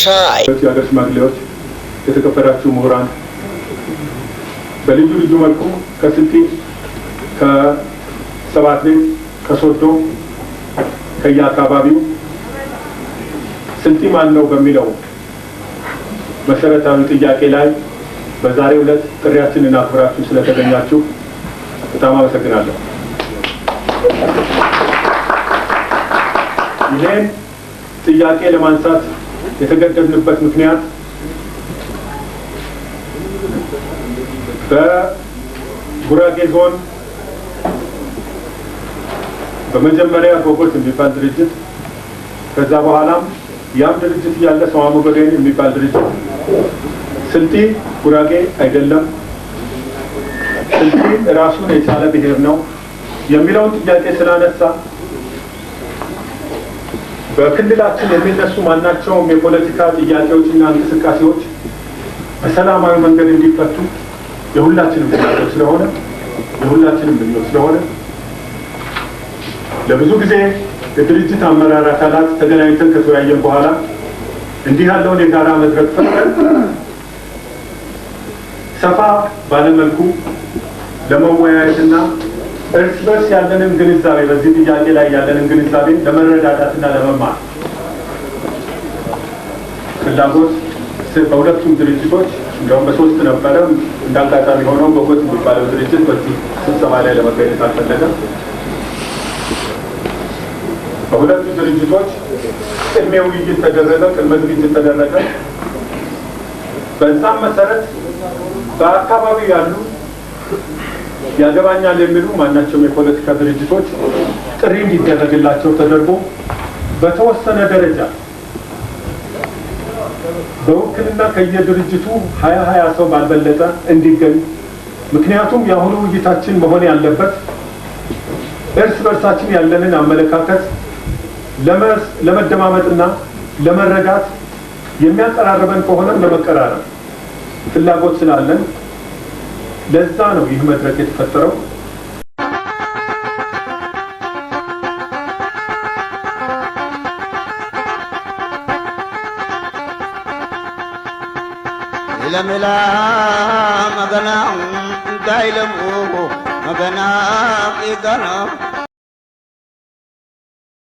ሻይ የሀገር ሽማግሌዎች፣ የተከበራችሁ ምሁራን በልዩ ልዩ መልኩ ከስልጤ ከሰባት ከሶዶ ከየአካባቢው ስልጤ ማን ነው በሚለው መሰረታዊ ጥያቄ ላይ በዛሬው ዕለት ጥሪያችንን አክብራችሁ ስለተገኛችሁ በጣም አመሰግናለሁ። ይህን ጥያቄ ለማንሳት የተገደልንበት ምክንያት በጉራጌ ዞን በመጀመሪያ ጎጎት የሚባል ድርጅት ከዛ በኋላም ያም ድርጅት እያለ ሰዋሙ በገኝ የሚባል ድርጅት ስልጤ ጉራጌ አይደለም፣ ስልጤ ራሱን የቻለ ብሔር ነው የሚለውን ጥያቄ ስላነሳ በክልላችን የሚነሱ ማናቸውም የፖለቲካ ጥያቄዎችና እንቅስቃሴዎች በሰላማዊ መንገድ እንዲፈቱ የሁላችንም ፍላጎት ስለሆነ የሁላችንም ምኞት ስለሆነ ለብዙ ጊዜ የድርጅት አመራር አካላት ተገናኝተን ከተወያየን በኋላ እንዲህ ያለውን የጋራ መድረክ ፈጥረን ሰፋ ባለመልኩ ለመወያየትና እርስ በርስ ያለንን ግንዛቤ በዚህ ጥያቄ ላይ ያለንን ግንዛቤ ለመረዳዳትና ለመማር ፍላጎት በሁለቱም ድርጅቶች እንዲሁም በሶስት ነበረ። እንዳጋጣሚ ሆነው በጎት የሚባለው ድርጅት በዚህ ስብሰባ ላይ ለመገኘት አልፈለገም። በሁለቱ ድርጅቶች ቅድሜ ውይይት ተደረገ፣ ቅድመ ዝግጅት ተደረገ። በዛም መሰረት በአካባቢው ያሉ ያገባኛል የሚሉ ማናቸውም የፖለቲካ ድርጅቶች ጥሪ እንዲደረግላቸው ተደርጎ በተወሰነ ደረጃ በውክልና ከየድርጅቱ ሀያ ሀያ ሰው ባልበለጠ እንዲገኝ ምክንያቱም የአሁኑ ውይይታችን መሆን ያለበት እርስ በርሳችን ያለንን አመለካከት ለመደማመጥና ለመረዳት የሚያቀራርበን ከሆነም ለመቀራረብ ፍላጎት ስላለን ለዛ ነው ይህ መድረክ የተፈጠረው። ለምላ መገና እንዳይለሙ መገና ቀና